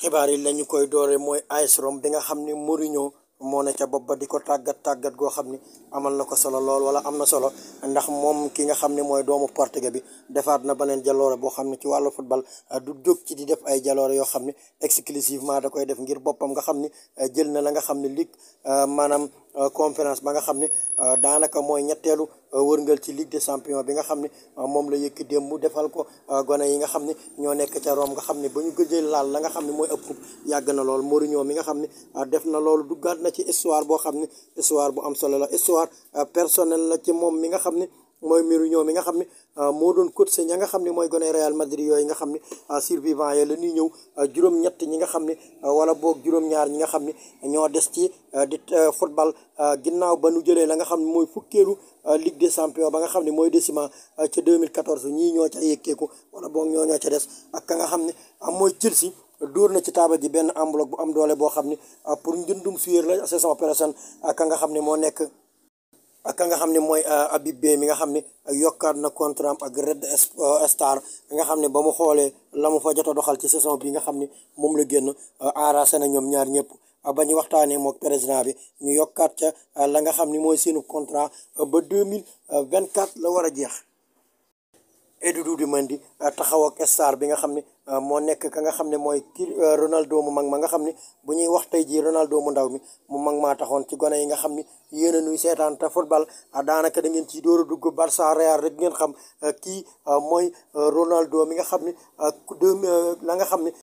xibaar yi lañu koy doore mooy AS Rome bi nga xam ni Mourinho moo ne ca bopp ba di ko tàggat tàggat goo xam ni amal na ko solo lool wala am na solo ndax moom ki nga xam ne mooy doomu Portugais bi defaat na beneen jaloore boo xam ne ci wàllu football ah, du jóg ci di def ay jaloore yoo xam ne exclusivement da koy def ngir boppam nga xam ni ah, jël na la nga xam ne ligue ah, maanaam Euh, conférence ba nga xam ne euh, daanaka mooy ñetteelu euh, wërngal ci ligue des champions bi nga xam ne moom la yëkki démb defal ko gone yi nga xam ne ñoo nekk ca Rome nga xam ne ba ñu gëjee laal la nga xam ne mooy ëpp yàgg na lool Mourinho mi nga xam ne def na loolu duggaat na ci histoire boo xam ne histoire bu am solo la histoire personnel la ci moom mi nga xam ne mooy Mourinho mi nga xam ne ah, moo doon coach ña nga xam ne mooy gone Real Madrid yooyu nga xam ne ah, survivant ya la ñuy ñëw ah, juróom-ñett ñi nga xam ne wala boog juróom-ñaar ñi nga xam ne ñoo des ci di football ginnaaw ba nu jëlee la nga xam ne mooy fukkeelu Ligue des champions ba nga xam ne mooy décima ca 2014 ñii ñoo ca yëkkeeku wala boog ñoo ñoo ca des ak nga xam ne mooy Chelsea dóor na ci taaba ji benn enveloppe bu am doole boo xam ne pour njëndum fiir la c'est son personne ak ka nga xam ni moo nekk aka nga xam ne mooy euh, Habib Beye mi nga xam ni ne yokkaat na contrat am ak Red euh, Star nga xam ne ba mu xoolee la mu fa jot a doxal ci saison bi nga xam ni moom la génn euh, arrangé na ñoom ñaar ñëpp ba ñu waxtaanee mook président bi ñu yokkaat ca la nga xam ni mooy seenu contrat ba deux mille vingt quatre la war a jeex. Edouard Mendy euh, taxaw ak star bi nga xam ne euh, moo nekk ka nga xam ne mooy kii euh, Ronaldo mu mag ma nga xam ni bu ñuy wax tey jii Ronaldo mu ndaw mi mu mag maa taxoon ci gone yi nga xam ne yéen a nuy seetaan te football ah, daanaka da ngeen ci door a dugg Barça Real rek ngeen xam ki mooy Ronaldo mi nga xam ne ku la nga xam ne